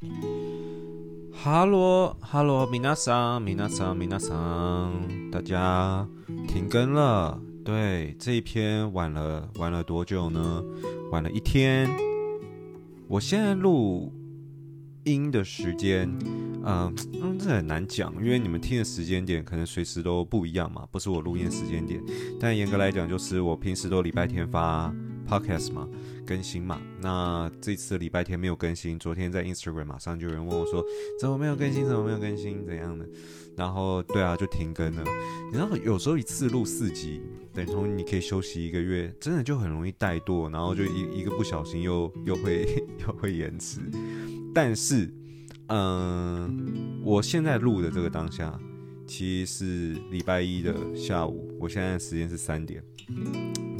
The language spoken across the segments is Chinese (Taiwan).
哈嘍，哈嘍，米娜桑、米娜桑、米娜桑，大家停更了。對，這一篇晚了，晚了多久呢？晚了一天。我現在錄音的時間，嗯、呃、嗯，這很難講，因為你們聽的時間點可能隨時都不一樣嘛，不是我錄音時間點。但嚴格來講，就是我平時都禮拜天發。Podcast 嘛，更新嘛，那這次禮拜天沒有更新。昨天在 Instagram 馬上就有人問我說：“怎麼沒有更新？怎麼沒有更新？怎樣的？”然後對啊，就停更了。你知道，有時候一次錄四集，等同你可以休息一個月，真的就很容易怠惰，然後就一一個不小心又又會又會延遲。但是，嗯、呃，我現在錄的這個當下，其實是禮拜一的下午，我現在的時間是三點，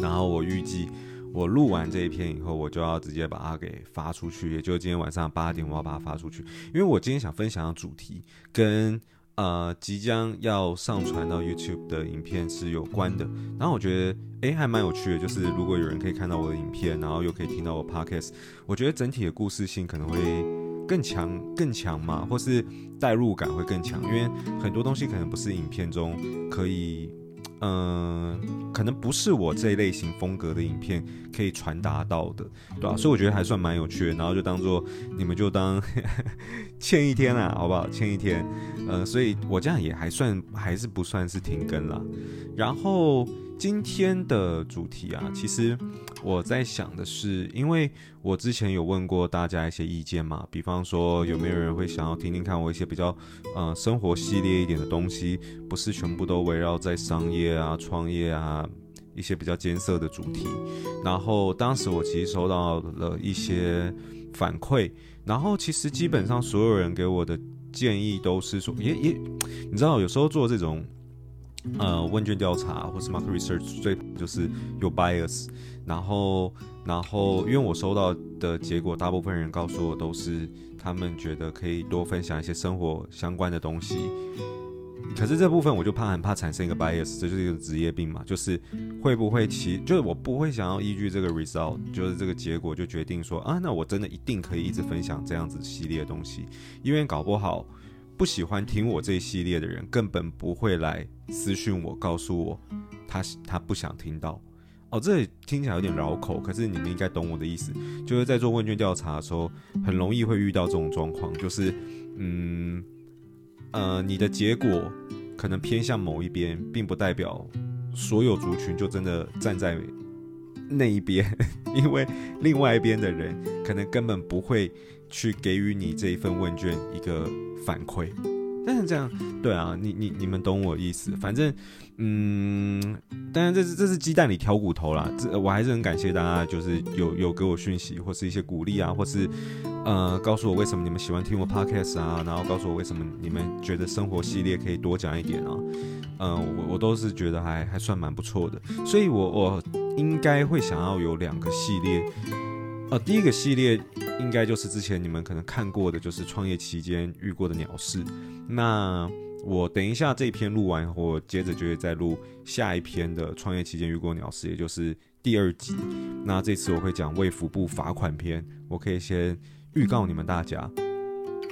然後我預計。我錄完這一篇以後，我就要直接把它給發出去，也就是今天晚上八點我要把它發出去。因為我今天想分享的主題跟呃即將要上傳到 YouTube 的影片是有關的。然後我覺得誒、欸、還蠻有趣的，就是如果有人可以看到我的影片，然後又可以聽到我的 Podcast，我覺得整體的故事性可能會更強更強嘛，或是代入感會更強，因為很多東西可能不是影片中可以。嗯、呃，可能不是我這一類型風格的影片可以傳達到的，對吧、啊？所以我覺得還算蠻有趣的，然後就當做你們就當 欠一天了、啊，好不好？欠一天，嗯、呃，所以我這樣也還算還是不算是停更了，然後。今天的主題啊，其實我在想的是，因為我之前有問過大家一些意見嘛，比方說有沒有人會想要聽聽看我一些比較，呃，生活系列一點的東西，不是全部都圍繞在商業啊、創業啊一些比較艱澀的主題。然後當時我其實收到了一些反饋，然後其實基本上所有人給我的建議都是說，耶耶，你知道有時候做這種。呃，問卷調查或是 market research 最怕就是有 bias，然後，然後，因為我收到的結果，大部分人告訴我都是他們覺得可以多分享一些生活相關的東西，可是這部分我就怕很怕產生一個 bias，這就是一個職業病嘛，就是會不會其就是我不會想要依據這個 result，就是這個結果就決定說啊，那我真的一定可以一直分享這樣子系列的東西，因為搞不好。不喜歡聽我這一系列的人，根本不會來私訊我，告訴我他他不想聽到。哦，這聽起來有點繞口，可是你們應該懂我的意思。就是在做問卷調查的時候，很容易會遇到這種狀況，就是嗯呃，你的結果可能偏向某一邊，並不代表所有族群就真的站在那一邊，因為另外一邊的人可能根本不會。去給予你這一份問卷一個反饋，但是這樣，對啊，你你你們懂我意思，反正，嗯，當然這是這是雞蛋裡挑骨頭啦，這我還是很感謝大家，就是有有給我訊息或是一些鼓勵啊，或是呃告訴我為什麼你們喜歡聽我 Podcast 啊，然後告訴我為什麼你們覺得生活系列可以多講一點啊，嗯、呃，我我都是覺得還還算蠻不錯的，所以我，我我應該會想要有兩個系列。呃，第一個系列應該就是之前你們可能看過的，就是創業期間遇過的鳥事。那我等一下這一篇錄完後，我接着就會再錄下一篇的創業期間遇過鳥事，也就是第二集。那這次我會講衛福部罰款篇，我可以先預告你們大家。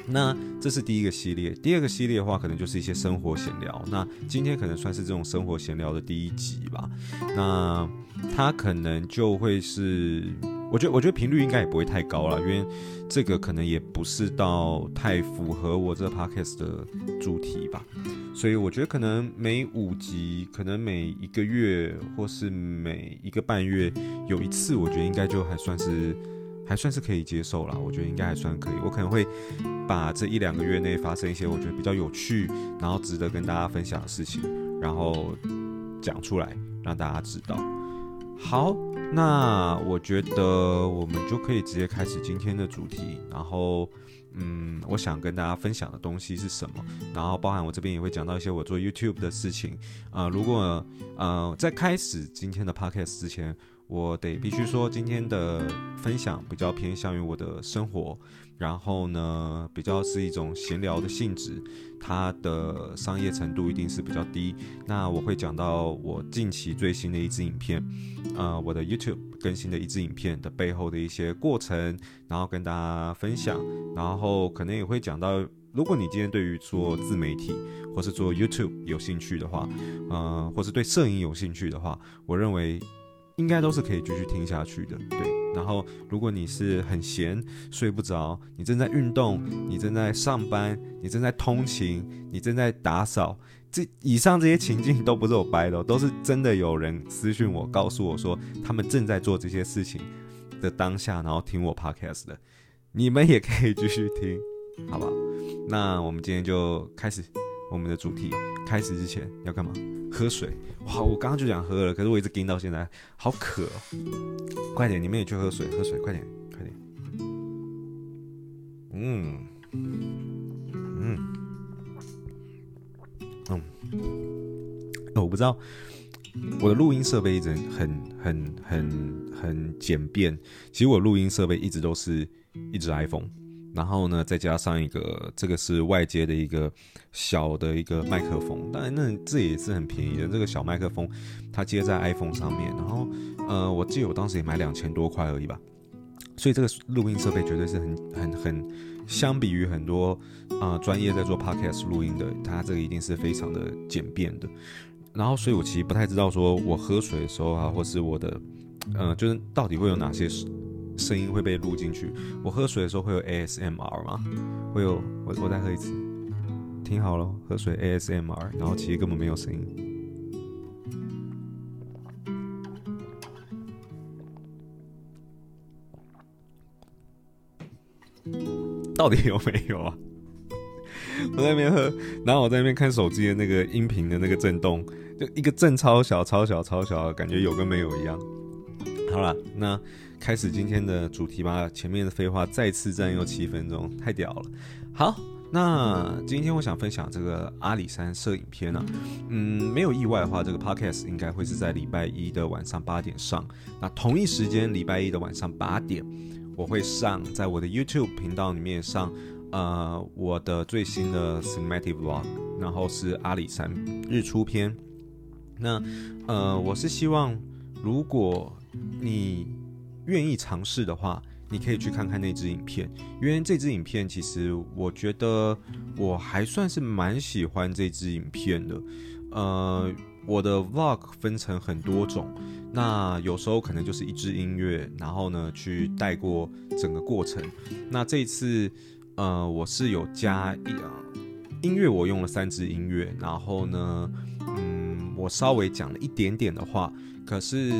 那這是第一個系列，第二個系列的話，可能就是一些生活閒聊。那今天可能算是這種生活閒聊的第一集吧。那它可能就會是。我覺得我覺得頻率應該也不會太高了，因為這個可能也不是到太符合我這個 podcast 的主題吧，所以我覺得可能每五集，可能每一個月或是每一個半月有一次，我覺得應該就還算是還算是可以接受啦，我覺得應該還算可以。我可能會把這一兩個月內發生一些我覺得比較有趣，然後值得跟大家分享的事情，然後講出來讓大家知道。好。那我覺得我們就可以直接開始今天的主題。然後，嗯，我想跟大家分享的東西是什麼？然後，包含我這邊也會講到一些我做 YouTube 的事情。啊、呃，如果，啊、呃，在開始今天的 Podcast 之前。我得必須說，今天的分享比較偏向於我的生活，然後呢，比較是一種閒聊的性質，它的商業程度一定是比較低。那我會講到我近期最新的一支影片，呃，我的 YouTube 更新的一支影片的背後的一些過程，然後跟大家分享，然後可能也會講到，如果你今天對於做自媒體或是做 YouTube 有興趣的話，呃，或是對攝影有興趣的話，我認為。應該都是可以繼續聽下去的，對。然後，如果你是很閒、睡不着，你正在運動，你正在上班，你正在通勤，你正在打掃，這以上這些情境都不是我掰的哦，都是真的有人私訊我，告訴我說他們正在做這些事情的當下，然後聽我 podcast 的，你們也可以繼續聽，好不好？那我們今天就開始。我們的主題開始之前要幹嘛？喝水！哇，我剛剛就想喝了，可是我一直盯到現在，好渴哦！快點，你們也去喝水，喝水，快點，快點。嗯嗯嗯，哦，我不知道我的錄音設備一直很很很很簡便。其實我錄音設備一直都是一支 iPhone。然後呢，再加上一個，這個是外接的一個小的一個麥克風，當然那這也是很便宜的。這個小麥克風它接在 iPhone 上面，然後呃，我記得我當時也買兩千多塊而已吧。所以這個錄音設備絕對是很很很，很相比於很多啊、呃、專業在做 podcast 錄音的，它這個一定是非常的簡便的。然後，所以我其實不太知道，說我喝水的時候啊，或是我的，呃，就是到底會有哪些。聲音會被錄進去。我喝水的時候會有 ASMR 嗎？會有？我我再喝一次，聽好了，喝水 ASMR，然後其實根本沒有聲音。到底有沒有啊？我在那邊喝，然後我在那邊看手機的那個音頻的那個震動，就一個震超小、超小、超小的，感覺有跟沒有一樣。好啦，那。開始今天的主題吧。前面的廢話再次占用七分鐘，太屌了。好，那今天我想分享這個阿里山攝影篇呢、啊。嗯，沒有意外的話，這個 podcast 應該會是在禮拜一的晚上八點上。那同一時間，禮拜一的晚上八點，我會上在我的 YouTube 頻道裡面上，呃，我的最新的 cinematic vlog，然後是阿里山日出篇。那呃，我是希望如果你。願意嘗試的話，你可以去看看那支影片，因為這支影片其實我覺得我還算是蠻喜歡這支影片的。呃，我的 vlog 分成很多種，那有時候可能就是一支音樂，然後呢去帶過整個過程。那這次呃我是有加一啊音樂，我用了三支音樂，然後呢，嗯，我稍微講了一點點的話。可是，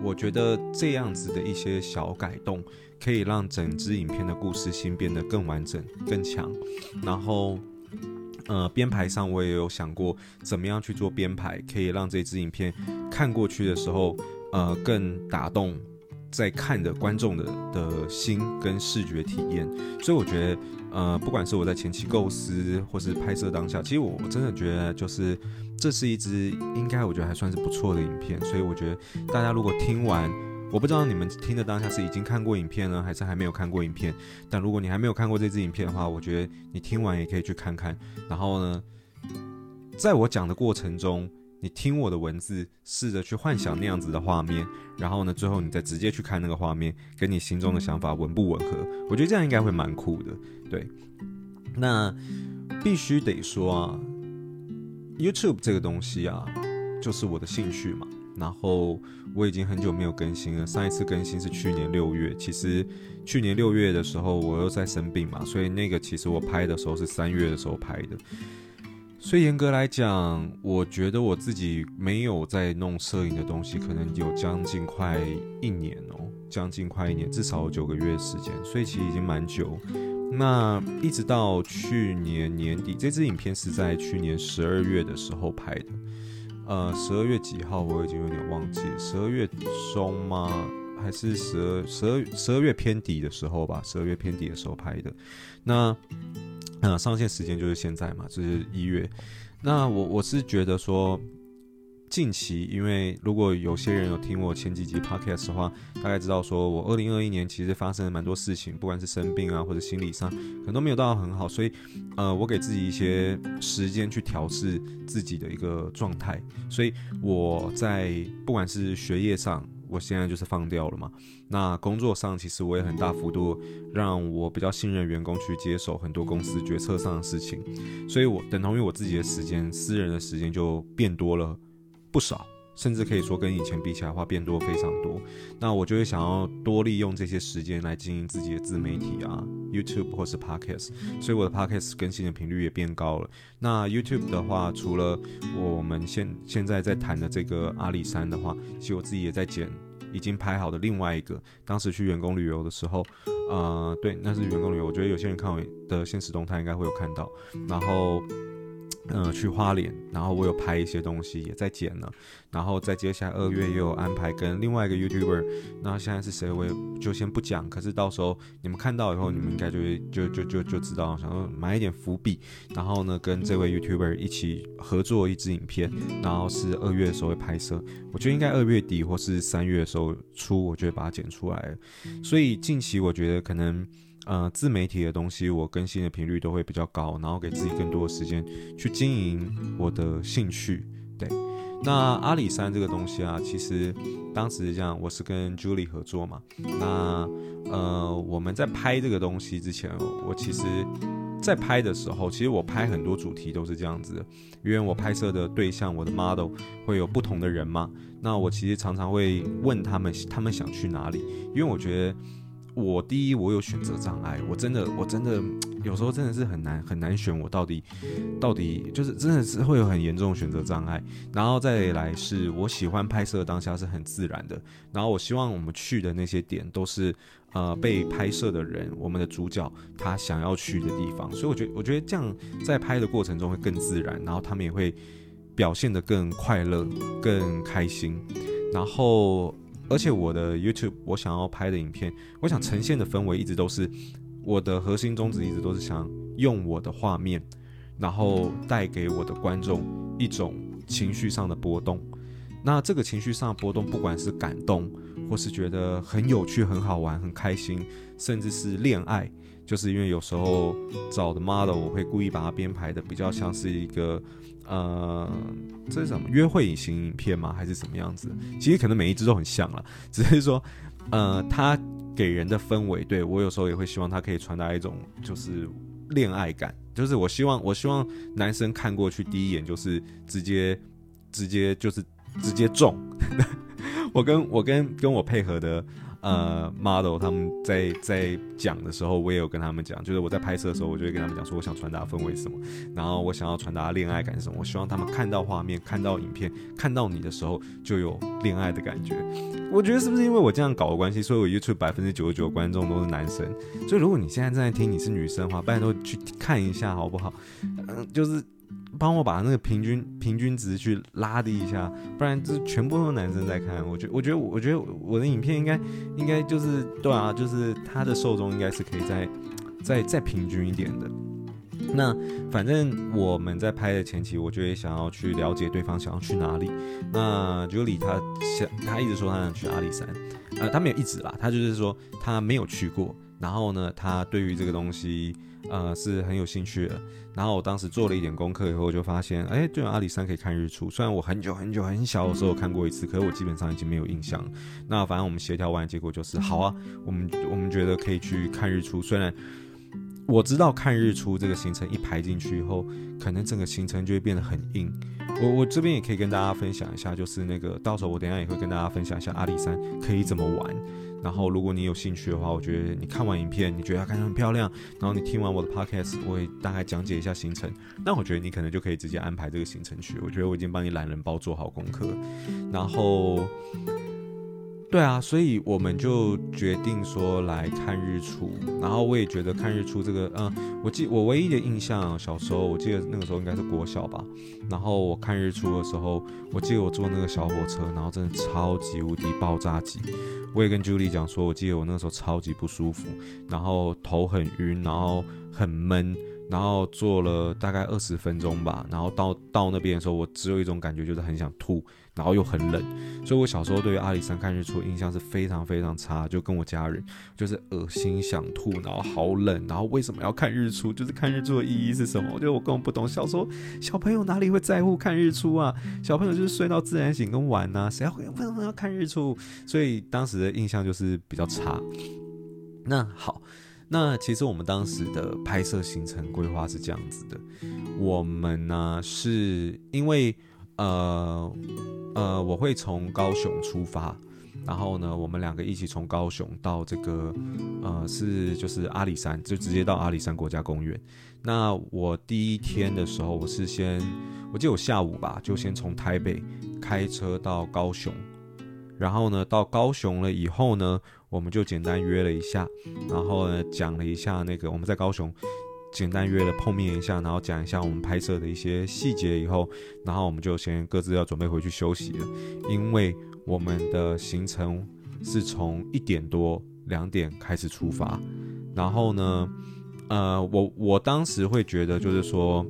我覺得這樣子的一些小改動，可以讓整支影片的故事性變得更完整、更強。然後，呃，編排上我也有想過，怎麼樣去做編排，可以讓這支影片看過去的時候，呃，更打動在看的觀眾的的心跟視覺體驗。所以，我覺得。呃，不管是我在前期構思，或是拍攝當下，其實我我真的覺得，就是這是一支應該我覺得還算是不錯的影片。所以我覺得大家如果聽完，我不知道你們聽的當下是已經看過影片呢，還是還沒有看過影片。但如果你還沒有看過這支影片的話，我覺得你聽完也可以去看看。然後呢，在我講的過程中。你聽我的文字，試着去幻想那樣子的畫面，然後呢，最後你再直接去看那個畫面，跟你心中的想法吻不吻合？我覺得這樣應該會蠻酷的。對，那必須得說啊，YouTube 這個東西啊，就是我的興趣嘛。然後我已經很久沒有更新了，上一次更新是去年六月。其實去年六月的時候我又在生病嘛，所以那個其實我拍的時候是三月的時候拍的。所以嚴格來講，我覺得我自己沒有在弄攝影的東西，可能有將近快一年哦、喔，將近快一年，至少有九個月時間，所以其實已經蠻久。那一直到去年年底，這支影片是在去年十二月的時候拍的，呃，十二月幾號我已經有點忘記，十二月中嗎？還是十二十二十二月偏底的時候吧，十二月偏底的時候拍的。那那、嗯、上線時間就是現在嘛，就是一月。那我我是覺得說，近期因為如果有些人有聽我前幾集 Podcast 的話，大概知道說我二零二一年其實發生了蠻多事情，不管是生病啊或者心理上，可能都沒有到很好，所以呃，我給自己一些時間去調適自己的一個狀態，所以我在不管是學業上。我現在就是放掉了嘛，那工作上其實我也很大幅度讓我比較信任員工去接手很多公司決策上的事情，所以我等同於我自己的時間，私人的時間就變多了不少。甚至可以說跟以前比起來的話，變多非常多。那我就會想要多利用這些時間來經營自己的自媒體啊，YouTube 或是 Podcast，所以我的 Podcast 更新的頻率也變高了。那 YouTube 的話，除了我們現現在在談的這個阿里山的話，其實我自己也在剪已經拍好的另外一個，當時去員工旅遊的時候，啊，對，那是員工旅遊。我覺得有些人看我的限時動態應該會有看到，然後。嗯、呃，去花蓮。然後我有拍一些東西，也在剪了。然後在接下來二月也有安排跟另外一個 YouTuber，那現在是誰，我就先不講。可是到時候你們看到以後，你們應該就會就就就就知道。想要埋一點伏筆，然後呢，跟這位 YouTuber 一起合作一支影片，然後是二月的時候會拍攝。我覺得應該二月底或是三月的時候出，我就會把它剪出來。所以近期我覺得可能。呃，自媒體的東西我更新的頻率都會比較高，然後給自己更多的時間去經營我的興趣。對，那阿里山這個東西啊，其實當時這樣，我是跟 Julie 合作嘛。那呃，我們在拍這個東西之前哦，我其實在拍的時候，其實我拍很多主題都是這樣子的，因為我拍攝的對象，我的 model 會有不同的人嘛。那我其實常常會問他們，他們想去哪裡，因為我覺得。我第一，我有選擇障礙，我真的，我真的有時候真的是很難很難選，我到底到底就是真的是會有很嚴重的選擇障礙。然後再來是我喜歡拍攝當下是很自然的，然後我希望我們去的那些點都是呃被拍攝的人，我們的主角他想要去的地方，所以我覺得我覺得這樣在拍的過程中會更自然，然後他們也會表現得更快樂、更開心，然後。而且我的 YouTube，我想要拍的影片，我想呈現的氛圍一直都是我的核心宗旨，一直都是想用我的畫面，然後帶給我的觀眾一種情緒上的波動。那這個情緒上的波動，不管是感動，或是覺得很有趣、很好玩、很開心，甚至是戀愛，就是因為有時候找的 model，我會故意把它編排得比較像是一個。呃，這是什麼約會型影片嗎？還是什麼樣子？其實可能每一支都很像了，只是說，呃，它給人的氛圍，對我有時候也會希望它可以傳達一種就是戀愛感，就是我希望我希望男生看過去第一眼就是直接直接就是直接中， 我跟我跟跟我配合的。呃，model 他們在在講的時候，我也有跟他們講，就是我在拍攝的時候，我就會跟他們講說，我想傳達氛圍什麼，然後我想要傳達戀愛感什麼，我希望他們看到畫面、看到影片、看到你的時候就有戀愛的感覺。我覺得是不是因為我這樣搞的關係，所以 youtube 百分之九十九的觀眾都是男生。所以如果你現在正在聽你是女生的話，不然都去看一下好不好？嗯，就是。幫我把那個平均平均值去拉低一下，不然就全部都是男生在看。我覺我覺得我覺得我的影片應該應該就是對啊，就是他的受眾應該是可以再再再平均一點的。那反正我們在拍的前期，我覺得想要去了解對方想要去哪裡。那 Julie 他想他一直說他想去阿里山，呃，他沒有一直啦，他就是說他沒有去過。然後呢，他對於這個東西。呃，是很有興趣的。然後我當時做了一點功課以後，就發現，哎、欸，對，阿里山可以看日出。雖然我很久很久很小的時候看過一次，可是我基本上已經沒有印象。那反正我們協調完，結果就是，好啊，我們我們覺得可以去看日出。雖然我知道看日出這個行程一排進去以後，可能整個行程就會變得很硬。我我這邊也可以跟大家分享一下，就是那個，到時候我等下也會跟大家分享一下阿里山可以怎麼玩。然後，如果你有興趣的話，我覺得你看完影片，你覺得它看起來很漂亮，然後你聽完我的 podcast，我也大概講解一下行程。那我覺得你可能就可以直接安排這個行程去。我覺得我已經幫你懶人包做好功課，然後。對啊，所以我們就決定說來看日出，然後我也覺得看日出這個，嗯，我記我唯一的印象，小時候我記得那個時候應該是國小吧，然後我看日出的時候，我記得我坐那個小火車，然後真的超級無敵爆炸級，我也跟 Julie 講說，我記得我那個時候超級不舒服，然後頭很暈，然後很悶，然後坐了大概二十分鐘吧，然後到到那邊的時候，我只有一種感覺就是很想吐。然後又很冷，所以我小時候對於阿里山看日出印象是非常非常差，就跟我家人就是噁心想吐，然後好冷，然後為什麼要看日出？就是看日出的意義是什麼？我覺得我根本不懂。小時候小朋友哪裡會在乎看日出啊？小朋友就是睡到自然醒跟玩吶、啊，誰要為什麼要看日出？所以當時的印象就是比較差。那好，那其實我們當時的拍攝行程規劃是這樣子的，我們呢、啊、是因為呃。呃，我會從高雄出發，然後呢，我們兩個一起從高雄到這個，呃，是就是阿里山，就直接到阿里山國家公園。那我第一天的時候，我是先，我記得我下午吧，就先從台北開車到高雄，然後呢，到高雄了以後呢，我們就簡單約了一下，然後呢，講了一下那個我們在高雄。簡單約了碰面一下，然後講一下我們拍攝的一些細節以後，然後我們就先各自要準備回去休息了，因為我們的行程是從一點多兩點開始出發，然後呢，呃，我我當時會覺得就是說。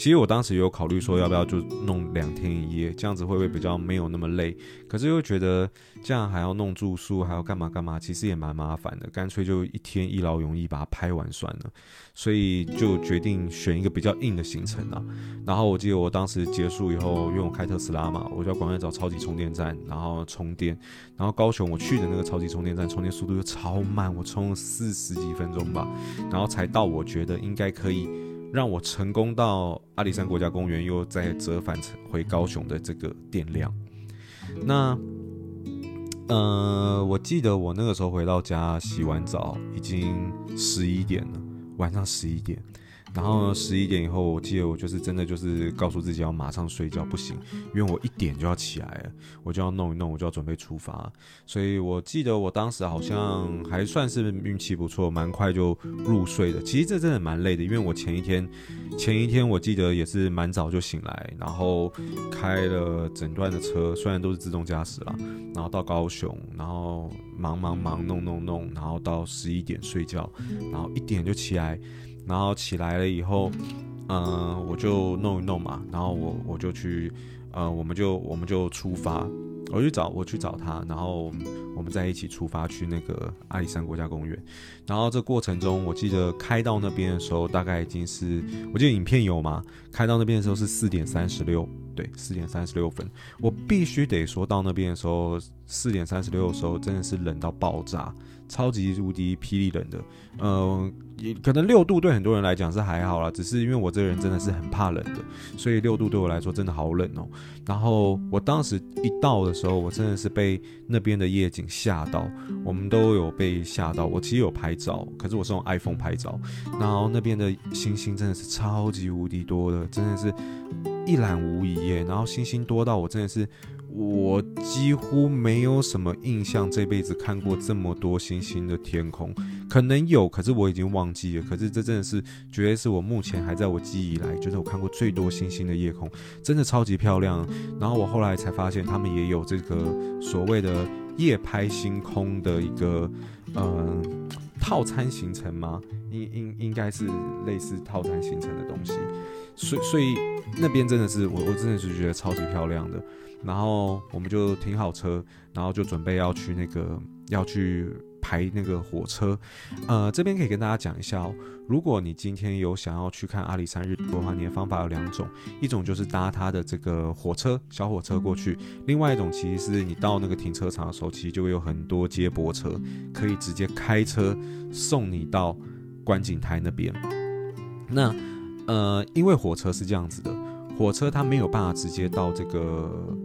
其實我當時有考慮說，要不要就弄兩天一夜，這樣子會不會比較沒有那麼累？可是又覺得這樣還要弄住宿，還要幹嘛幹嘛，其實也蠻麻煩的。乾脆就一天一勞永逸把它拍完算了。所以就決定選一個比較硬的行程了。然後我記得我當時結束以後，因為我開特斯拉嘛，我就要趕快找超級充電站，然後充電。然後高雄我去的那個超級充電站，充電速度又超慢，我充了四十幾分鐘吧，然後才到。我覺得應該可以。讓我成功到阿里山國家公園，又再折返回高雄的這個電量。那，呃，我記得我那個時候回到家，洗完澡已經十一點了，晚上十一點。然後呢，十一點以後，我記得我就是真的就是告訴自己要馬上睡覺，不行，因為我一點就要起來了，我就要弄一弄，我就要準備出發。所以我記得我當時好像還算是運氣不錯，蠻快就入睡的。其實這真的蠻累的，因為我前一天前一天我記得也是蠻早就醒來，然後開了整段的車，雖然都是自動駕駛啦，然後到高雄，然後忙忙忙弄弄弄，然後到十一點睡覺，然後一點就起來。然後起來了以後，嗯、呃，我就弄一弄嘛。然後我我就去，呃，我們就我們就出發。我去找我去找他，然後我們再一起出發去那個阿里山國家公園。然後這過程中，我記得開到那邊的時候，大概已經是，我記得影片有嘛，開到那邊的時候是四點三十六，對，四點三十六分。我必須得說到那邊的時候，四點三十六的時候真的是冷到爆炸。超級無敵霹靂冷的，呃，也可能六度對很多人來講是還好啦，只是因為我這個人真的是很怕冷的，所以六度對我來說真的好冷哦。然後我當時一到的時候，我真的是被那邊的夜景嚇到，我們都有被嚇到。我其實有拍照，可是我是用 iPhone 拍照，然後那邊的星星真的是超級無敵多的，真的是一覽無遺耶。然後星星多到我真的是。我幾乎沒有什麼印象，這輩子看過這麼多星星的天空，可能有，可是我已經忘記了。可是這真的是，絕對是我目前還在我記憶以來，就是我看過最多星星的夜空，真的超級漂亮。然後我後來才發現，他們也有這個所謂的夜拍星空的一個嗯、呃、套餐行程嗎？應應應該是類似套餐行程的東西。所以所以那邊真的是，我我真的是覺得超級漂亮的。然後我們就停好車，然後就準備要去那個要去排那個火車。呃，這邊可以跟大家講一下哦，如果你今天有想要去看阿里山日出的話，你的方法有兩種，一種就是搭他的這個火車小火車過去，另外一種其實是你到那個停車場的時候，其實就會有很多接駁車可以直接開車送你到觀景台那邊。那呃，因為火車是這樣子的，火車它沒有辦法直接到這個。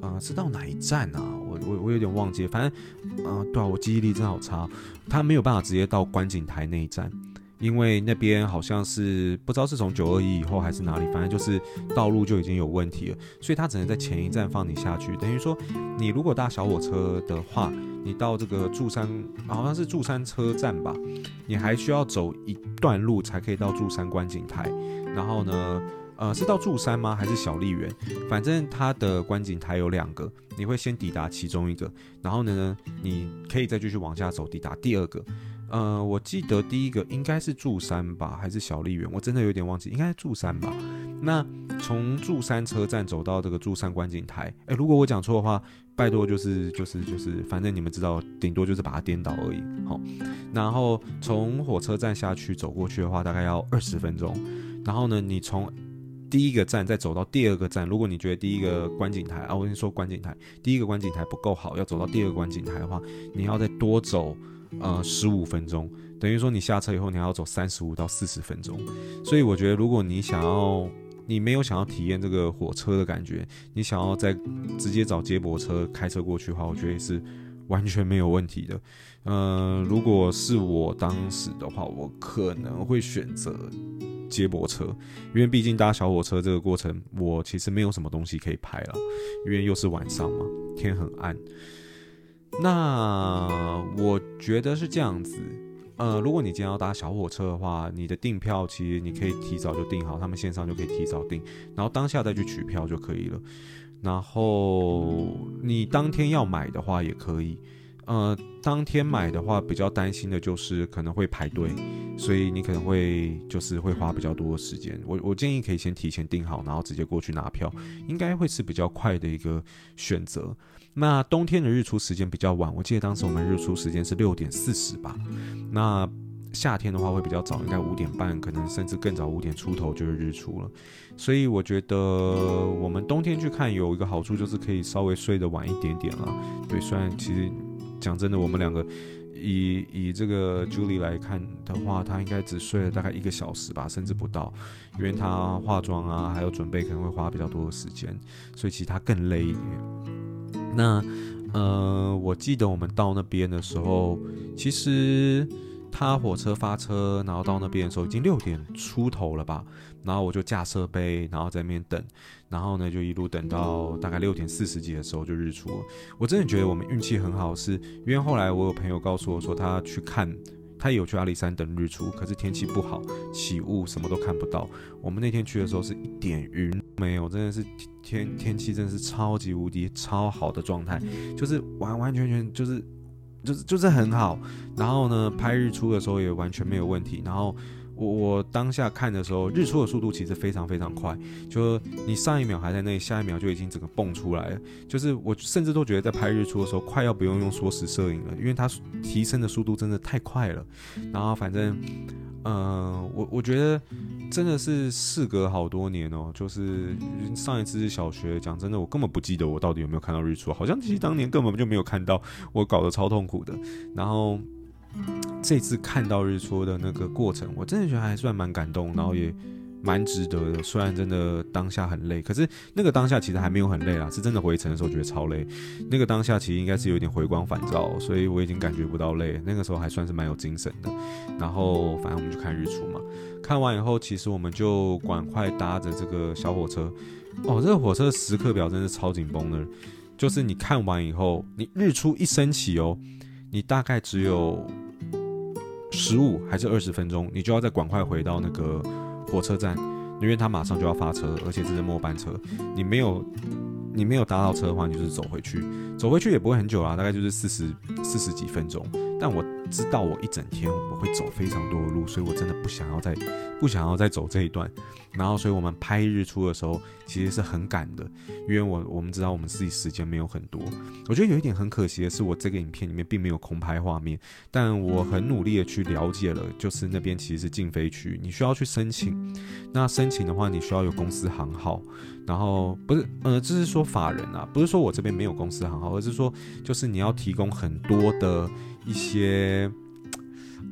啊、呃，是到哪一站啊？我我我有點忘記了，反正，啊、呃，對啊，我記憶力真的好差。他沒有辦法直接到觀景台那一站，因為那邊好像是不知道是從九二一以後還是哪裡，反正就是道路就已經有問題了，所以他只能在前一站放你下去。等於說，你如果搭小火車的話，你到這個祝山、啊、好像是祝山車站吧，你還需要走一段路才可以到祝山觀景台。然後呢？呃，是到祝山嗎？還是小笠原？反正它的觀景台有兩個，你會先抵達其中一個，然後呢，你可以再繼續往下走，抵達第二個。呃，我記得第一個應該是祝山吧，還是小笠原？我真的有點忘記，應該是祝山吧。那從祝山車站走到這個祝山觀景台，誒，如果我講錯的話，拜託就是就是就是，反正你們知道，頂多就是把它顛倒而已，好、哦。然後從火車站下去走過去的話，大概要二十分鐘。然後呢，你從。第一個站再走到第二個站，如果你覺得第一個觀景台啊，我先說觀景台，第一個觀景台不夠好，要走到第二個觀景台的話，你要再多走呃十五分鐘，等於說你下車以後，你還要走三十五到四十分鐘。所以我覺得，如果你想要，你沒有想要體驗這個火車的感覺，你想要再直接找接駁車開車過去的話，我覺得也是。完全沒有問題的，嗯、呃，如果是我當時的話，我可能會選擇接駁車，因為畢竟搭小火車這個過程，我其實沒有什麼東西可以拍了，因為又是晚上嘛，天很暗。那我覺得是這樣子，呃，如果你今天要搭小火車的話，你的訂票其實你可以提早就訂好，他們線上就可以提早訂，然後當下再去取票就可以了。然後你當天要買的話也可以，呃，當天買的話比較擔心的就是可能會排隊，所以你可能會就是會花比較多的時間。我我建議可以先提前訂好，然後直接過去拿票，應該會是比較快的一個選擇。那冬天的日出時間比較晚，我記得當時我們日出時間是六點四十吧。那夏天的話會比較早，應該五點半，可能甚至更早，五點出頭就是日出了。所以我覺得我們冬天去看有一個好處，就是可以稍微睡得晚一點點了。對，雖然其實講真的，我們兩個以以這個 Julie 來看的話，她應該只睡了大概一個小時吧，甚至不到，因為她化妝啊，還有準備可能會花比較多的時間，所以其實她更累一點。那呃，我記得我們到那邊的時候，其實。他火車發車，然後到那邊的時候已經六點出頭了吧，然後我就架設備，然後在那邊等，然後呢就一路等到大概六點四十幾的時候就日出了。我真的覺得我們運氣很好，是因為後來我有朋友告訴我說他去看，他有去阿里山等日出，可是天氣不好，起霧，什麼都看不到。我們那天去的時候是一點雲沒有，真的是天天氣真的是超級無敵超好的狀態，就是完完全全就是。就是就是很好，然後呢，拍日出的時候也完全沒有問題。然後我我當下看的時候，日出的速度其實非常非常快，就你上一秒還在那裡，下一秒就已經整個蹦出來了。就是我甚至都覺得在拍日出的時候，快要不用用縮時攝影了，因為它提升的速度真的太快了。然後反正，嗯、呃，我我覺得。真的是事隔好多年哦，就是上一次是小學。講真的，我根本不記得我到底有沒有看到日出，好像其實當年根本就沒有看到，我搞得超痛苦的。然後這次看到日出的那個過程，我真的覺得還算蠻感動，然後也。蠻值得的，雖然真的當下很累，可是那個當下其實還沒有很累啊，是真的回程的時候覺得超累。那個當下其實應該是有點回光返照，所以我已經感覺不到累。那個時候還算是蠻有精神的。然後反正我們就看日出嘛，看完以後其實我們就趕快搭着這個小火車。哦，這個火車時刻表真是超緊繃的，就是你看完以後，你日出一升起哦，你大概只有十五還是二十分鐘，你就要再趕快回到那個。火車站，因為他馬上就要發車，而且這是末班車。你沒有，你沒有搭到車的話，你就是走回去。走回去也不會很久啊，大概就是四十四十幾分鐘。但我。知道我一整天我會走非常多的路，所以我真的不想要再不想要再走這一段。然後，所以我們拍日出的時候，其實是很趕的，因為我我們知道我們自己時間沒有很多。我覺得有一點很可惜的是，我這個影片裡面並沒有空拍畫面。但我很努力的去了解了，就是那邊其實是禁飛區，你需要去申請。那申請的話，你需要有公司行號，然後不是，呃，這、就是說法人啊，不是說我這邊沒有公司行號，而是說就是你要提供很多的一些。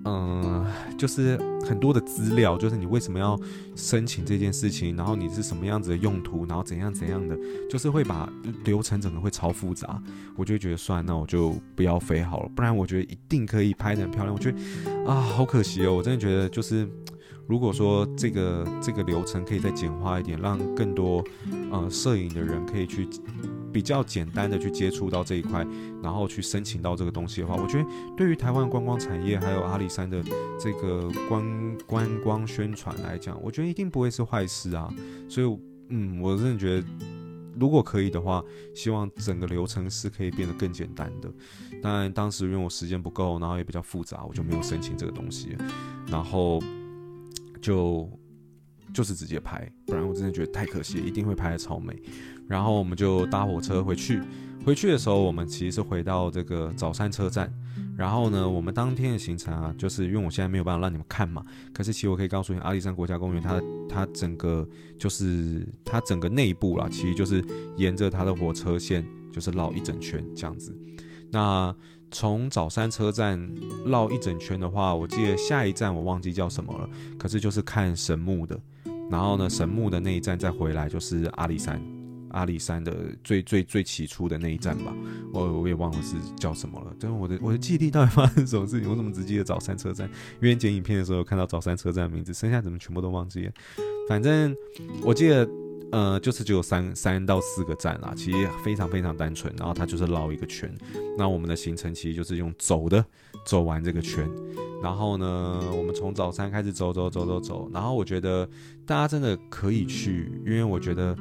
嗯、呃，就是很多的資料，就是你為什麼要申請這件事情，然後你是什麼樣子的用途，然後怎樣怎樣的，就是會把流程整個會超複雜，我就覺得算了，那我就不要飛好了，不然我覺得一定可以拍得很漂亮。我覺得啊，好可惜哦，我真的覺得就是，如果說這個這個流程可以再簡化一點，讓更多呃攝影的人可以去，比較簡單的去接觸到這一塊，然後去申請到這個東西的話，我覺得對於台灣觀光產業還有阿里山的這個觀觀光宣傳來講，我覺得一定不會是壞事啊。所以，嗯，我真的覺得如果可以的話，希望整個流程是可以變得更簡單的。但當時因為我時間不夠，然後也比較複雜，我就沒有申請這個東西，然後就就是直接拍。不然我真的覺得太可惜，一定會拍得超美。然後我們就搭火車回去。回去的時候，我們其實是回到這個早山車站。然後呢，我們當天的行程啊，就是因為我現在沒有辦法讓你們看嘛。可是其實我可以告訴你，阿里山國家公園它它整個就是它整個內部啦，其實就是沿着它的火車線就是繞一整圈這樣子。那從早山車站繞一整圈的話，我記得下一站我忘記叫什麼了。可是就是看神木的。然後呢，神木的那一站再回來就是阿里山。阿里山的最最最起初的那一站吧，我我也忘了是叫什麼了。但我的我的記憶力到底發生什麼事情，我怎麼只記得早山車站？因為剪影片的時候看到早山車站的名字，剩下怎麼全部都忘記了。反正我記得，呃，就是只有三三到四個站啦，其實非常非常單純。然後它就是繞一個圈。那我們的行程其實就是用走的走完這個圈。然後呢，我們從早餐開始走走走走走。然後我覺得大家真的可以去，因為我覺得。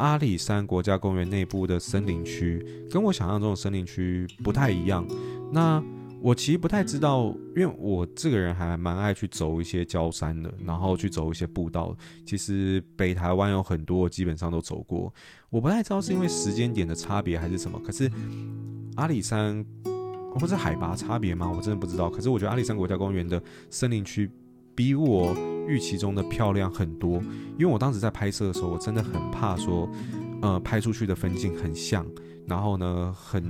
阿里山國家公園內部的森林區，跟我想象中的森林區不太一樣。那我其實不太知道，因為我這個人還蠻愛去走一些郊山的，然後去走一些步道。其實北台灣有很多，基本上都走過。我不太知道是因為時間點的差別還是什麼。可是阿里山，不是海拔差別嗎？我真的不知道。可是我覺得阿里山國家公園的森林區，比我預期中的漂亮很多，因為我當時在拍攝的時候，我真的很怕說，呃，拍出去的風景很像。然後呢，很，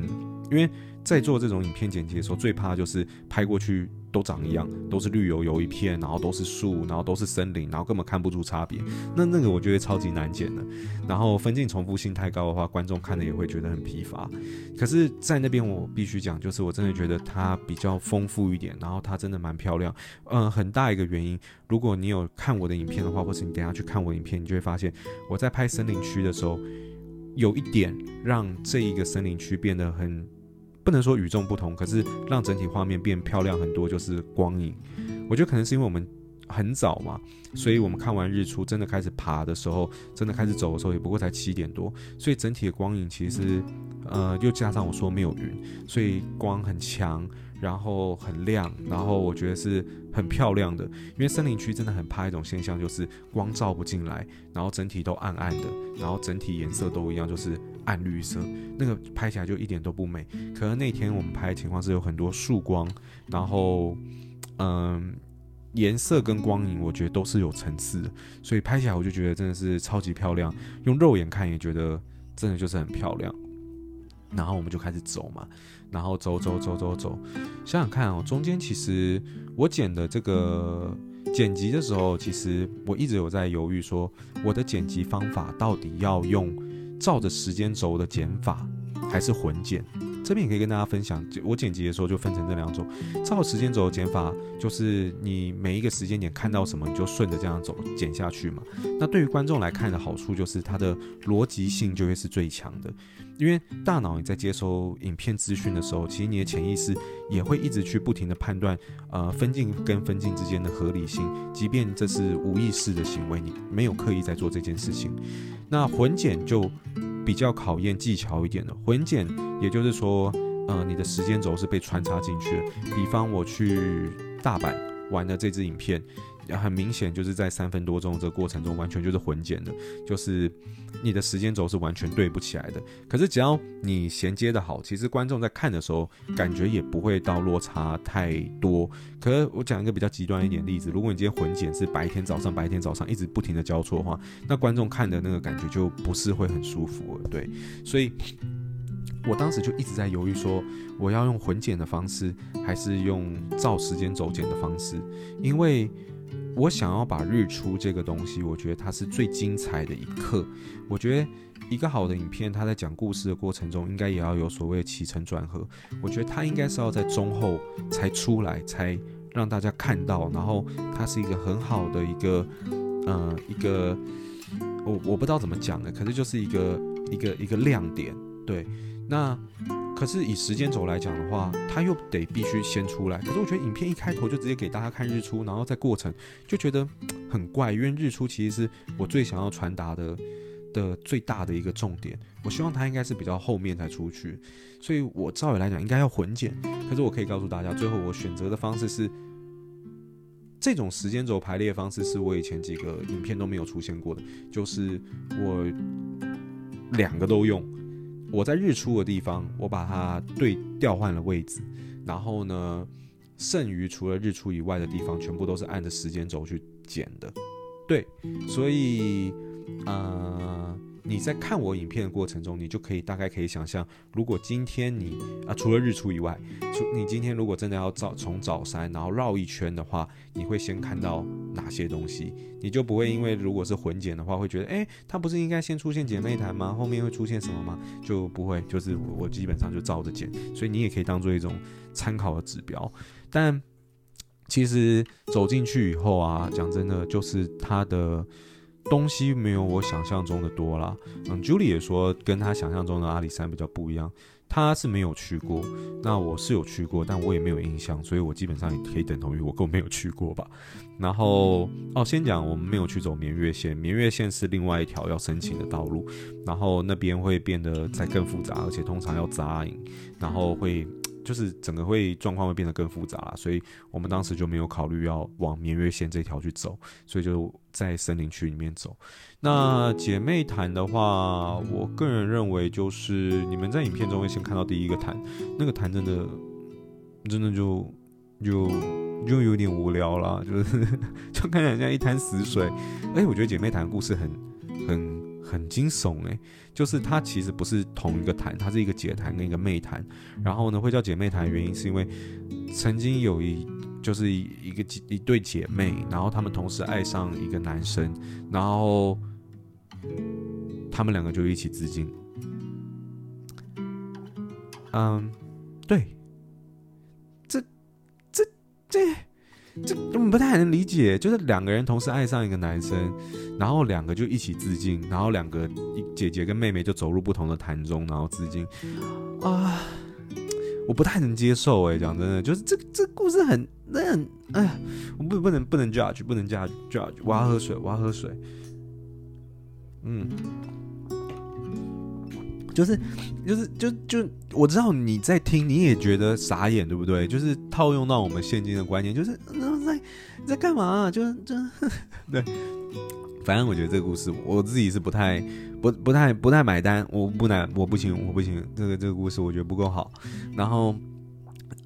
因為在做這種影片剪輯的時候，最怕就是拍過去都長一樣，都是綠油油一片，然後都是樹，然後都是森林，然後根本看不出差別。那那個我覺得超級難剪的。然後分鏡重複性太高的話，觀眾看着也會覺得很疲乏。可是，在那邊我必須講，就是我真的覺得它比較豐富一點，然後它真的蠻漂亮。嗯、呃，很大一個原因，如果你有看我的影片的話，或是你等一下去看我的影片，你就會發現我在拍森林區的時候。有一點讓這一個森林區變得很不能說與眾不同，可是讓整體畫面變漂亮很多，就是光影。我覺得可能是因為我們很早嘛，所以我們看完日出真的開始爬的時候，真的開始走的時候，也不過才七點多，所以整體的光影其實，呃，又加上我說沒有雲，所以光很強。然後很亮，然後我覺得是很漂亮的，因為森林區真的很怕一種現象，就是光照不進來，然後整體都暗暗的，然後整體顏色都一樣，就是暗綠色，那個拍起來就一點都不美。可是那天我們拍的情況是有很多束光，然後，嗯、呃，顏色跟光影我覺得都是有層次的，所以拍起來我就覺得真的是超級漂亮，用肉眼看也覺得真的就是很漂亮。然後我們就開始走嘛。然後走走走走走，想想看哦，中間其實我剪的這個剪輯的時候，其實我一直有在猶豫，說我的剪輯方法到底要用照着時間軸的剪法，還是混剪？這邊也可以跟大家分享，我剪輯的時候就分成這兩種。照時間軸剪法，就是你每一個時間點看到什麼，你就順着這樣走剪下去嘛。那對於觀眾來看的好處，就是它的邏輯性就會是最強的，因為大腦你在接收影片資訊的時候，其實你的潛意識也會一直去不停的判斷，呃，分鏡跟分鏡之間的合理性，即便這是無意識的行為，你沒有刻意在做這件事情。那混剪就。比較考驗技巧一點的混剪，也就是說，呃，你的時間軸是被穿插進去的。比方我去大阪玩的這支影片。很明顯，就是在三分多鐘的這個過程中，完全就是混剪的，就是你的時間軸是完全對不起來的。可是只要你銜接的好，其實觀眾在看的時候，感覺也不會到落差太多。可是我講一個比較極端一點例子，如果你今天混剪是白天早上白天早上一直不停的交錯的話，那觀眾看的那個感覺就不是會很舒服。對，所以我當時就一直在猶豫，說我要用混剪的方式，還是用照時間軸剪的方式，因為。我想要把日出這個東西，我覺得它是最精彩的一刻。我覺得一個好的影片，它在講故事的過程中，應該也要有所謂的起承轉合。我覺得它應該是要在中後才出來，才讓大家看到。然後它是一個很好的一個，嗯，一個我我不知道怎麼講的，可是就是一個一個一個一個亮點。對，那。可是以時間軸來講的話，它又得必須先出來。可是我覺得影片一開頭就直接給大家看日出，然後再過程，就覺得很怪，因為日出其實是我最想要傳達的的最大的一個重點。我希望它應該是比較後面才出去，所以我照理來講應該要混剪。可是我可以告訴大家，最後我選擇的方式是這種時間軸排列的方式，是我以前幾個影片都沒有出現過的，就是我兩個都用。我在日出的地方，我把它對調換了位置，然後呢，剩餘除了日出以外的地方，全部都是按着時間軸去剪的，對，所以，啊、呃。你在看我影片的過程中，你就可以大概可以想象，如果今天你啊，除了日出以外，除你今天如果真的要照從早山，然後繞一圈的話，你會先看到哪些東西？你就不會因為如果是混剪的話，會覺得誒、欸，它不是應該先出現姐妹潭嗎？後面會出現什麼嗎？就不會，就是我基本上就照着剪，所以你也可以當做一種參考的指標。但其實走進去以後啊，講真的，就是它的。東西沒有我想象中的多啦。嗯，Julie 也說跟他想象中的阿里山比較不一樣，他是沒有去過，那我是有去過，但我也沒有印象，所以我基本上也可以等同於我根本沒有去過吧。然後哦，先講我們沒有去走眠月線，眠月線是另外一條要申請的道路，然後那邊會變得再更複雜，而且通常要紮營，然後會。就是整個會狀況會變得更複雜了，所以我們當時就沒有考慮要往眠月線這條去走，所以就在森林區裡面走。那姐妹潭的話，我個人認為就是你們在影片中會先看到第一個潭，那個潭真的真的就就就有點無聊啦，就是 就看起來像一灘死水。而、欸、且我覺得姐妹潭的故事很很。很驚悚哎、欸，就是他其實不是同一個潭，他是一個姐潭跟一個妹潭，然後呢，會叫姐妹潭，原因是因為曾經有一就是一一個一對姐妹，然後他們同時愛上一個男生，然後他們兩個就一起自盡。嗯，對，這這這。這這不太能理解，就是兩個人同時愛上一個男生，然後兩個就一起自盡，然後兩個姐姐跟妹妹就走入不同的潭中，然後自盡。啊、uh，我不太能接受哎，講真的，就是這這故事很那很哎，我不不能不能 judge，不能 judge judge，我要喝水，我要喝水，嗯。就是，就是，就就我知道你在聽，你也覺得傻眼，對不對？就是套用到我們現今的觀念，就是在在幹嘛啊？就就 對，反正我覺得這個故事，我自己是不太不不太不太買單。我不難，我不行，我不行。這個這個故事，我覺得不夠好。然後，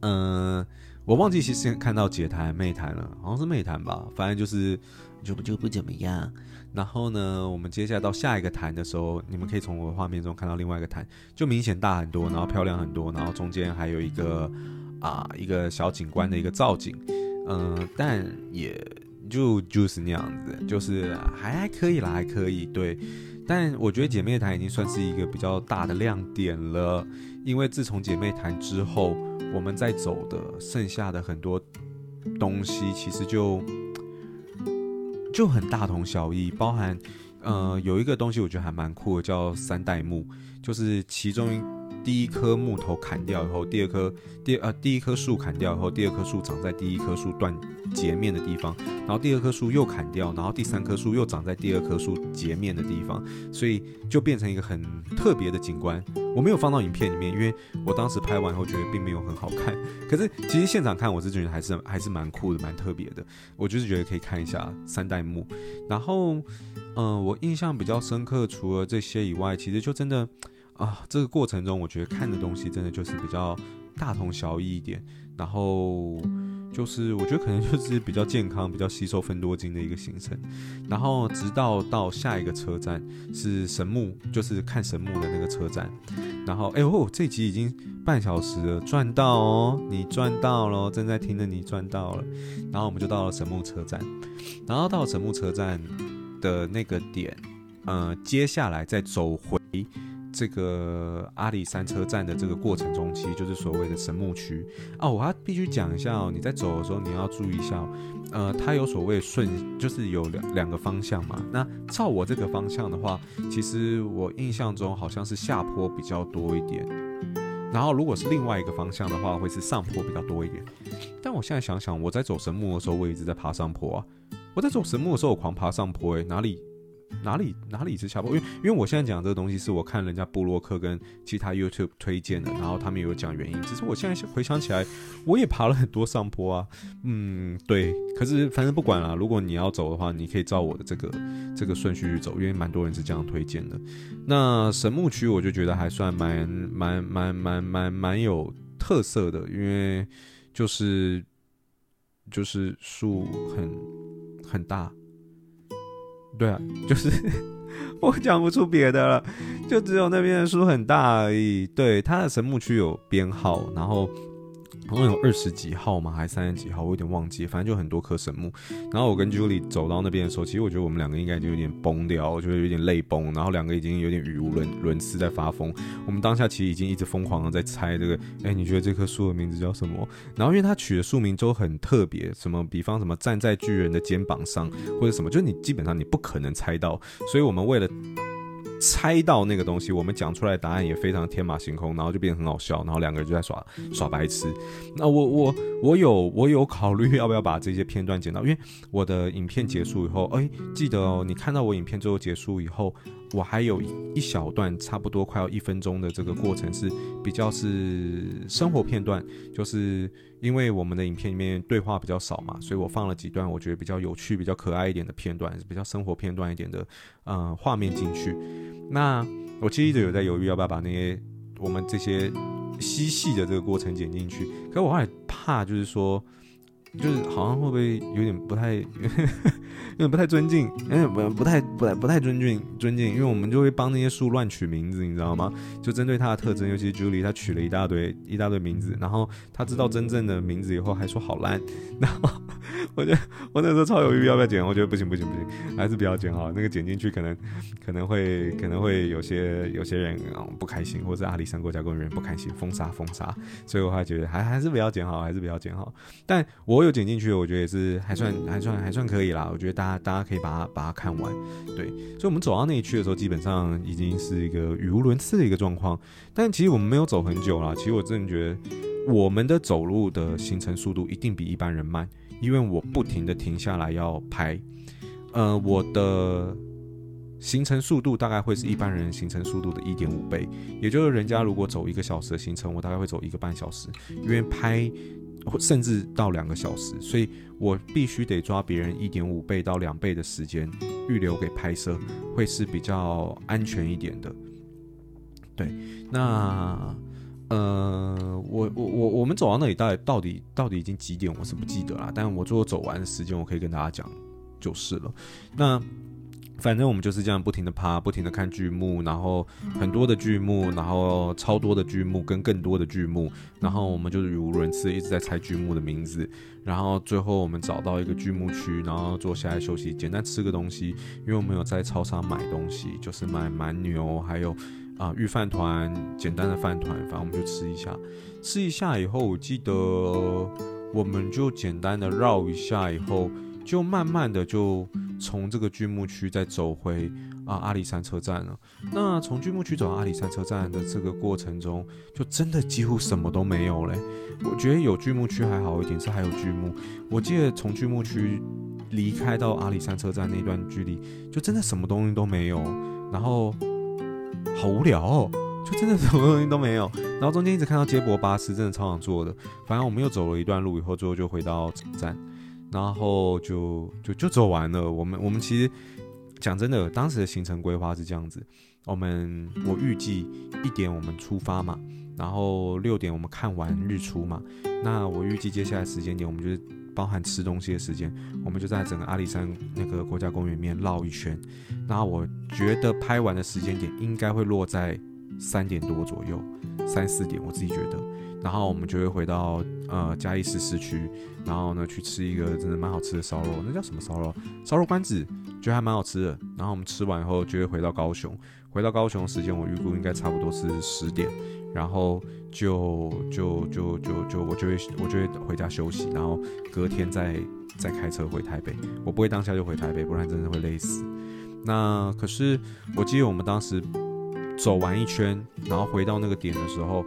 嗯、呃，我忘記是先看到解談沒談了，好像是沒談吧。反正就是就不就不怎麼樣。然後呢，我們接下來到下一個潭的時候，你們可以從我的畫面中看到另外一個潭，就明顯大很多，然後漂亮很多，然後中間還有一個啊一個小景觀的一個造景，嗯、呃，但也就就是那樣子，就是還還可以啦，還可以，對。但我覺得姐妹潭已經算是一個比較大的亮點了，因為自從姐妹潭之後，我們在走的剩下的很多東西其實就。就很大同小異，包含，呃，有一個東西我覺得還蠻酷的，叫三代目，就是其中一。第一棵木頭砍掉以後，第二棵第呃、啊、第一棵樹砍掉以後，第二棵樹長在第一棵樹斷截面的地方，然後第二棵樹又砍掉，然後第三棵樹又長在第二棵樹截面的地方，所以就變成一個很特別的景觀。我沒有放到影片裡面，因為我當時拍完以後覺得並沒有很好看。可是其實現場看我是覺得還是還是蠻酷的，蠻特別的。我就是覺得可以看一下三代木。然後，嗯、呃，我印象比較深刻，除了這些以外，其實就真的。啊，這個過程中，我覺得看的東西真的就是比較大同小異一點，然後就是我覺得可能就是比較健康、比較吸收芬多精的一個行程，然後直到到下一個車站是神木，就是看神木的那個車站，然後哎呦，這集已經半小時了，賺到哦，你賺到了，正在聽着你賺到了，然後我們就到了神木車站，然後到神木車站的那個點，呃，接下來再走回。這個阿里山車站的這個過程中，期，就是所謂的神木區啊、哦。我還必須講一下哦，你在走的時候你要注意一下、哦、呃，它有所謂順，就是有兩兩個方向嘛。那照我這個方向的話，其實我印象中好像是下坡比較多一點。然後如果是另外一個方向的話，會是上坡比較多一點。但我現在想想，我在走神木的時候，我一直在爬上坡啊。我在走神木的時候，我狂爬上坡誒，哪裡？哪裡哪裡是下坡？因為因為我現在講這個東西，是我看人家部落客跟其他 YouTube 推薦的，然後他們有講原因。只是我現在回想起來，我也爬了很多上坡啊。嗯，對。可是反正不管啦，如果你要走的話，你可以照我的這個這個順序去走，因為蠻多人是這樣推薦的。那神木區我就覺得還算蠻蠻蠻蠻蠻蠻有特色的，因為就是就是樹很很大。對啊，就是我講不出別的了，就只有那邊的樹很大而已。對，他的神木區有編號，然後。好像有二十幾號嗎？還是三十幾號？我有點忘記。反正就很多棵神木。然後我跟 Julie 走到那邊的時候，其實我覺得我們兩個應該就有點崩掉，我覺得有點淚崩。然後兩個已經有點語無倫倫次在發瘋。我們當下其實已經一直瘋狂的在猜這個。哎，你覺得這棵樹的名字叫什麼？然後因為他取的樹名都很特別，什麼比方什麼站在巨人的肩膀上，或者什麼，就是你基本上你不可能猜到。所以我們為了猜到那個東西，我們講出來答案也非常天馬行空，然後就變得很好笑，然後兩個人就在耍耍白痴。那我我我有我有考慮要不要把這些片段剪掉，因為我的影片結束以後，哎、欸，記得哦，你看到我影片最後結束以後。我還有一一小段，差不多快要一分鐘的這個過程是比較是生活片段，就是因為我們的影片裡面對話比較少嘛，所以我放了幾段我覺得比較有趣、比較可愛一點的片段，比較生活片段一點的嗯，畫面進去。那我其實一直有在猶豫要不要把那些我們這些嬉戲的這個過程剪進去，可是我還怕就是說。就是好像會不會有點不太， 有點不太尊敬，有點不太不太不太尊敬尊敬，因為我們就會幫那些樹亂取名字，你知道嗎？就針對它的特徵，尤其是 Julie，他取了一大堆一大堆名字，然後他知道真正的名字以後還說好爛，然後。 我覺得我那時候超猶豫，要不要剪。我覺得不行不行不行，還是不要剪好。那個剪進去可能可能會可能會有些有些人不開心，或者阿里山國家公園不開心，封殺封殺。所以我還覺得還還是不要剪好，還是不要剪好。但我有剪進去，我覺得也是還算還算還算可以啦。我覺得大家大家可以把它把它看完。對，所以我們走到那一區的時候，基本上已經是一個語無倫次的一個狀況。但其實我們沒有走很久啦。其實我真的覺得我們的走路的行程速度一定比一般人慢。因為我不停的停下來要拍，呃，我的行程速度大概會是一般人行程速度的一點五倍，也就是人家如果走一個小時的行程，我大概會走一個半小時，因為拍甚至到兩個小時，所以我必須得抓別人一點五倍到兩倍的時間預留給拍攝，會是比較安全一點的。對，那。呃，我我我我們走到那裡到，到底到底到底已經幾點？我是不記得啦。但我最後走完的時間，我可以跟大家講就是了。那反正我們就是這樣不停的爬，不停的看巨木，然後很多的巨木，然後超多的巨木，跟更多的巨木，然後我們就是語無倫次，一直在猜巨木的名字。然後最後我們找到一個巨木區，然後坐下來休息，簡單吃個東西，因為我們有在超商買東西，就是買蠻牛，還有。啊，御飯糰，簡單的飯糰，反正我們就吃一下，吃一下以後，我記得我們就簡單的繞一下，以後就慢慢的就從這個巨木區再走回啊阿里山車站了。那從巨木區走到阿里山車站的這個過程中，就真的幾乎什麼都沒有嘞。我覺得有巨木區還好一點，是還有巨木。我記得從巨木區離開到阿里山車站那段距離，就真的什麼東西都沒有，然後。好無聊哦，就真的什麼東西都沒有。然後中間一直看到接駁巴士，真的超想坐的。反正我們又走了一段路以後，最後就回到總站，然後就，就就就走完了。我們我們其實講真的，當時的行程規劃是這樣子：我們我預計一點我們出發嘛，然後六點我們看完日出嘛。那我預計接下來時間點，我們就是。包含吃東西的時間，我們就在整個阿里山那個國家公園裡面繞一圈。然後我覺得拍完的時間點應該會落在三點多左右，三四點，我自己覺得。然後我們就會回到呃嘉義市市區，然後呢去吃一個真的蠻好吃的燒肉，那叫什麼燒肉？燒肉關子，我覺得還蠻好吃的。然後我們吃完以後，就會回到高雄。回到高雄的時間，我預估應該差不多是十點，然後就就就就就，就就就我就會我就會回家休息，然後隔天再再開車回台北。我不會當下就回台北，不然真的會累死。那可是我記得我們當時走完一圈，然後回到那個點的時候，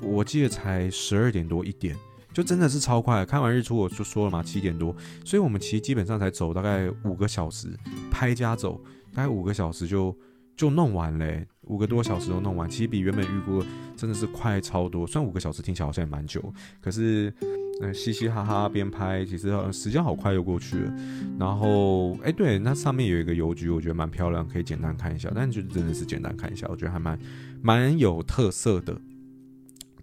我記得才十二點多一點，就真的是超快。看完日出，我就說了嘛，七點多，所以我們其實基本上才走大概五個小時，拍加走，大概五個小時就。就弄完了，五個多小時都弄完，其實比原本預估真的是快超多。雖然五個小時聽起來好像也蠻久，可是嗯，嘻嘻哈哈邊拍，其實時間好快就過去了。然後哎，欸、對，那上面有一個郵局，我覺得蠻漂亮，可以簡單看一下。但就真的是簡單看一下，我覺得還蠻蠻有特色的。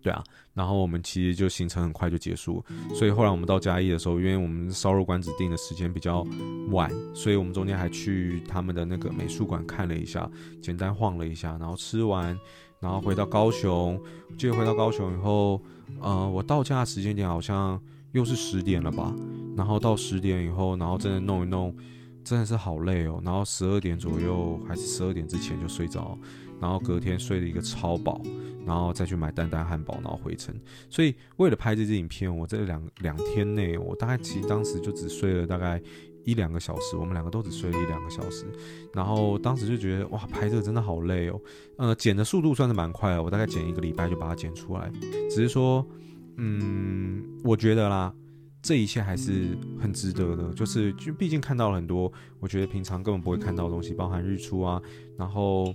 對啊，然後我們其實就行程很快就結束了，所以後來我們到嘉義的時候，因為我們燒肉館子訂的時間比較晚，所以我們中間還去他們的那個美術館看了一下，簡單晃了一下，然後吃完，然後回到高雄。接著回到高雄以後，呃，我到家的時間點好像又是十點了吧？然後到十點以後，然後真的弄一弄，真的是好累哦。然後十二點左右還是十二點之前就睡着。然後隔天睡了一個超飽，然後再去買蛋蛋漢堡，然後回程。所以為了拍這支影片，我這兩兩天內，我大概其實當時就只睡了大概一兩個小時。我們兩個都只睡了一兩個小時，然後當時就覺得哇，拍這個真的好累哦。呃，剪的速度算是蠻快的，我大概剪一個禮拜就把它剪出來。只是說，嗯，我覺得啦。這一切還是很值得的，就是就畢竟看到了很多，我覺得平常根本不會看到的東西，包含日出啊，然後，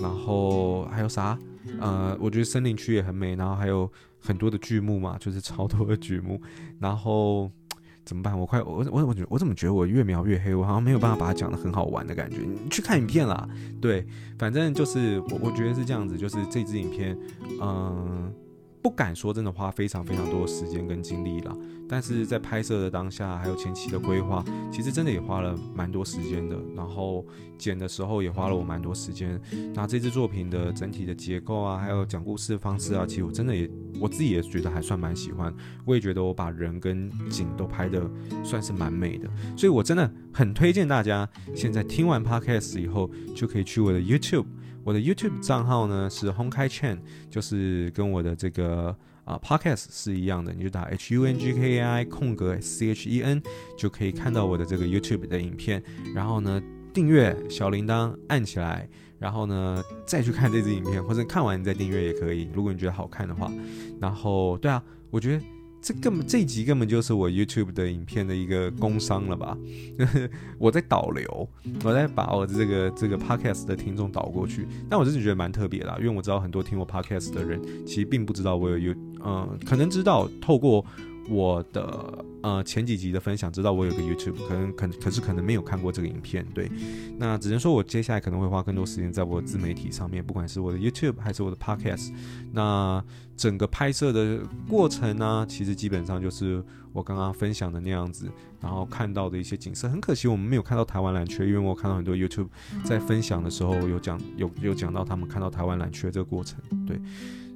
然後還有啥？呃，我覺得森林區也很美，然後還有很多的巨木嘛，就是超多的巨木。然後怎麼辦？我快我我我怎麼我怎麼覺得我越描越黑？我好像沒有辦法把它講得很好玩的感覺。你去看影片啦，對，反正就是我我覺得是這樣子，就是這支影片，嗯、呃。不敢說真的花非常非常多的時間跟精力啦，但是在拍攝的當下，還有前期的規劃，其實真的也花了蠻多時間的。然後剪的時候也花了我蠻多時間。那這支作品的整體的結構啊，還有講故事方式啊，其實我真的也我自己也覺得還算蠻喜歡。我也覺得我把人跟景都拍得算是蠻美的，所以我真的很推薦大家，現在聽完 Podcast 以後，就可以去我的 YouTube。我的 YouTube 賬號呢是 Hungkai Chen，就是跟我的這個啊、呃、Podcast 是一樣的，你就打 H U N G K A I 空格 C H E N，就可以看到我的這個 YouTube 的影片。然後呢，訂閱小鈴鐺按起來，然後呢，再去看這支影片，或者看完你再訂閱也可以。如果你覺得好看的話，然後對啊，我覺得。這根本這一集根本就是我 YouTube 的影片的一個工商了吧？ 我在導流，我在把我這個這個 Podcast 的聽眾導過去。但我自己覺得蠻特別的，啊，因為我知道很多聽我 Podcast 的人其實並不知道我有 You，嗯、呃，可能知道透過。我的呃前幾集的分享，知道我有個 YouTube，可能可可是可能沒有看過這個影片，對。那只能說我接下來可能會花更多時間在我的自媒體上面，不管是我的 YouTube 還是我的 Podcast。那整個拍攝的過程呢、啊，其實基本上就是我剛剛分享的那樣子，然後看到的一些景色。很可惜我們沒有看到台灣藍鵲，因為我看到很多 YouTube 在分享的時候有講有有講到他們看到台灣藍鵲這個過程，對。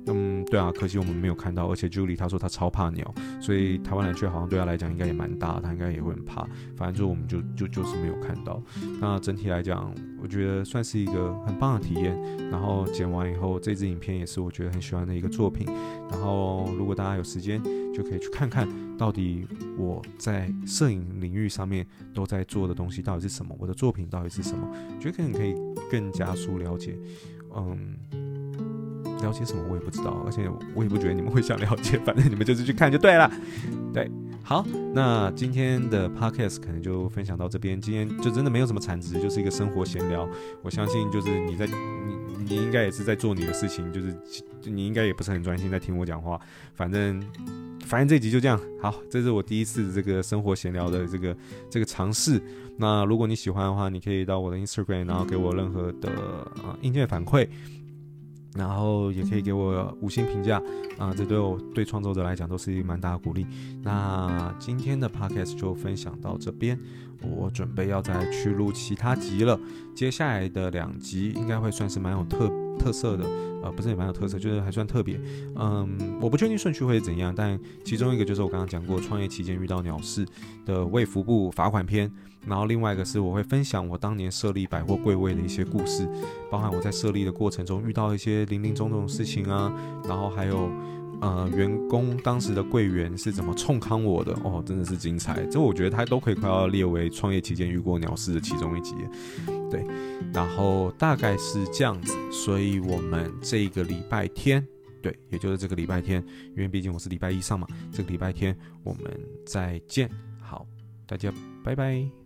嗯，對啊，可惜我們沒有看到，而且 Julie 她說她超怕鳥，所以台灣藍鵲好像對她來講應該也蠻大，她應該也會很怕。反正就我們就就就是沒有看到。那整體來講，我覺得算是一個很棒的體驗。然後剪完以後，這支影片也是我覺得很喜歡的一個作品。然後如果大家有時間，就可以去看看到底我在攝影領域上面都在做的東西到底是什麼，我的作品到底是什麼，覺得可能可以更加速了解。嗯。了解什麼我也不知道，而且我也不覺得你們會想了解，反正你們就是去看就對了。對，好，那今天的 podcast 可能就分享到這邊，今天就真的沒有什麼產值，就是一個生活閒聊。我相信就是你在你你應該也是在做你的事情，就是就你應該也不是很專心在聽我講話。反正反正這一集就這樣，好，這是我第一次這個生活閒聊的這個這個嘗試。那如果你喜歡的話，你可以到我的 Instagram，然後給我任何的啊意見反饋。然後也可以給我五星評價啊、呃，這對我對創作者來講都是蠻大的鼓勵。那今天的 Podcast 就分享到這邊，我準備要再去錄其他集了。接下來的兩集應該會算是蠻有特別特色的，呃，不是也蠻有特色，就是還算特別。嗯，我不確定順序會怎樣，但其中一個就是我剛剛講過，創業期間遇到鳥事的衛福部罰款篇。然後另外一個是我會分享我當年設立百貨櫃位的一些故事，包含我在設立的過程中遇到一些零零總總的事情啊，然後還有。呃，員工當時的櫃員是怎麼沖康我的？哦，真的是精彩，這我覺得他都可以快要列為創業期間遇過鳥事的其中一集，對，然後大概是這樣子，所以我們這個禮拜天，對，也就是這個禮拜天，因為畢竟我是禮拜一上嘛，這個禮拜天我們再見，好，大家拜拜。